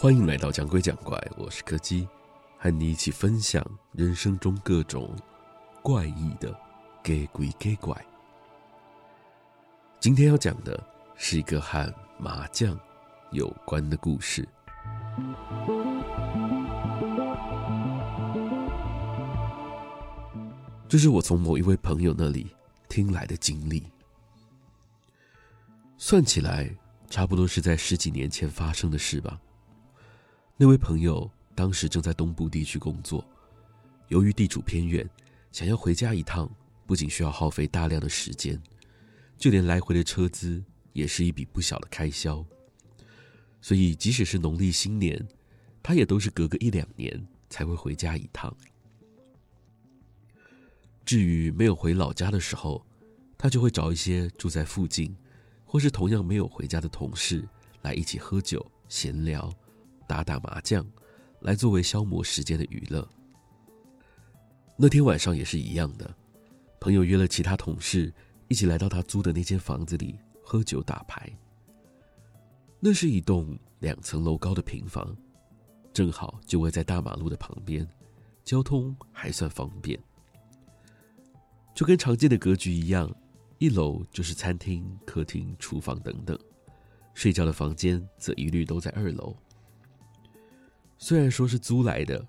歡迎來到講鬼講怪，我是柯基，和你一起分享人生中各種怪異的假鬼假怪。今天要講的是一個和麻將有關的故事，這是我從某一位朋友那裡聽來的經歷，算起來差不多是在十幾年前發生的事吧。那位朋友當時正在東部地區工作，由於地處偏遠，想要回家一趟，不僅需要耗費大量的時間，就連來回的車資也是一筆不小的開銷。所以，即使是農曆新年，他也都是隔個一兩年才會回家一趟。至於沒有回老家的時候，他就會找一些住在附近，或是同樣沒有回家的同事來一起喝酒閒聊。打打麻將，來作為消磨時間的娛樂。那天晚上也是一樣的，朋友約了其他同事一起來到他租的那間房子裡喝酒打牌。那是一棟兩層樓高的平房，正好就位在大馬路的旁邊，交通還算方便。就跟常見的格局一樣，一樓就是餐廳、客廳、廚房等等，睡覺的房間則一律都在二樓。雖然說是租來的，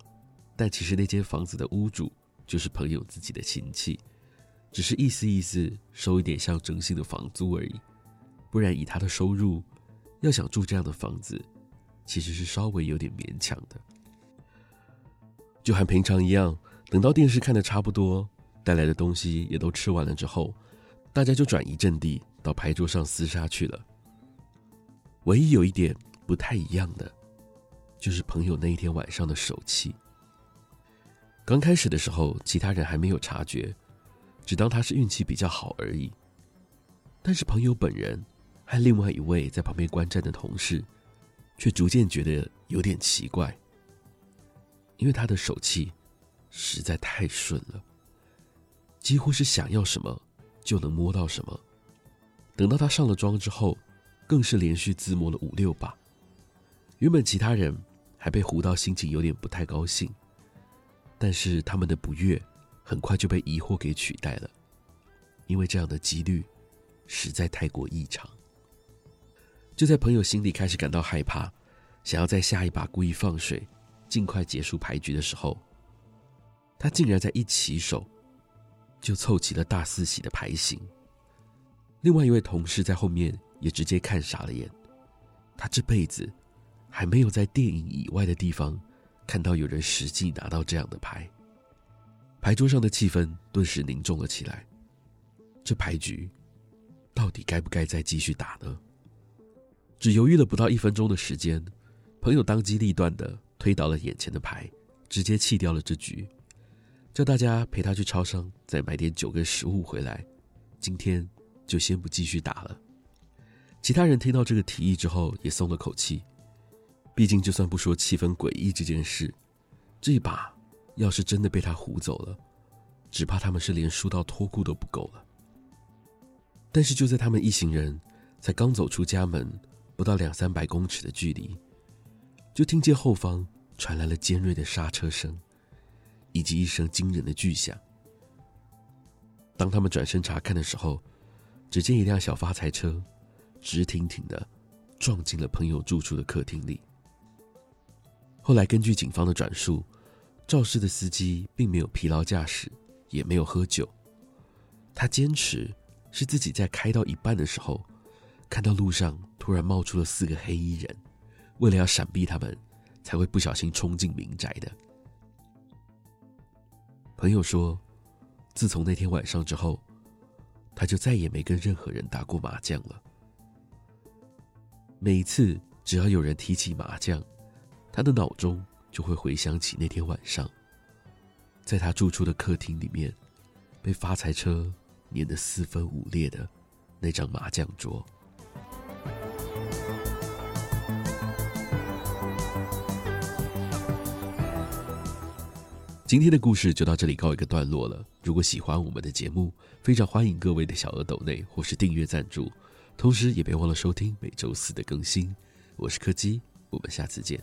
但其實那間房子的屋主就是朋友自己的親戚，只是意思意思收一點象徵性的房租而已。不然以他的收入，要想住這樣的房子，其實是稍微有點勉強的。就和平常一樣，等到電視看得差不多，帶來的東西也都吃完了之後，大家就轉移陣地到牌桌上廝殺去了。唯一有一點不太一樣的。就是朋友那一天晚上的手氣。剛開始的時候，其他人還沒有察覺，只當他是運氣比較好而已。但是朋友本人和另外一位在旁邊觀戰的同事，卻逐漸覺得有點奇怪，因為他的手氣實在太順了，幾乎是想要什麼就能摸到什麼。等到他上了莊之後，更是連續自摸了五六把。原本其他人。還被胡到，心情有點不太高興。但是他們的不悅很快就被疑惑給取代了，因為這樣的幾率實在太過異常。就在朋友心裡開始感到害怕，想要在下一把故意放水，儘快結束牌局的時候，他竟然在一起手就湊齊了大四喜的牌型。另外一位同事在後面也直接看傻了眼，他這輩子。還沒有在電影以外的地方看到有人實際拿到這樣的牌，牌桌上的氣氛頓時凝重了起來。這牌局到底該不該再繼續打呢？只猶豫了不到一分鐘的時間，朋友當機立斷的推倒了眼前的牌，直接棄掉了這局，叫大家陪他去超商再買點酒跟食物回來。今天就先不繼續打了。其他人聽到這個提議之後也鬆了口氣。畢竟，就算不說氣氛詭異這件事，這把要是真的被他胡走了，只怕他們是連輸到脫褲都不夠了。但是，就在他們一行人才剛走出家門不到兩三百公尺的距離，就聽見後方傳來了尖銳的剎車聲，以及一聲驚人的巨響。當他們轉身查看的時候，只見一輛小發財車直挺挺的撞進了朋友住處的客廳裡。後來根據警方的轉述，肇事的司機並沒有疲勞駕駛，也沒有喝酒。他堅持是自己在開到一半的時候，看到路上突然冒出了四個黑衣人，為了要閃避他們，才會不小心衝進民宅的。朋友說，自從那天晚上之後，他就再也沒跟任何人打過麻將了。每一次只要有人提起麻將，他的腦中就會回想起那天晚上，在他住處的客廳裡面，被發財車碾得四分五裂的那張麻將桌。今天的故事就到這裡告一個段落了。如果喜歡我們的節目，非常歡迎各位的小額抖內或是訂閱贊助，同時也別忘了收聽每周四的更新。我是柯基，我們下次見。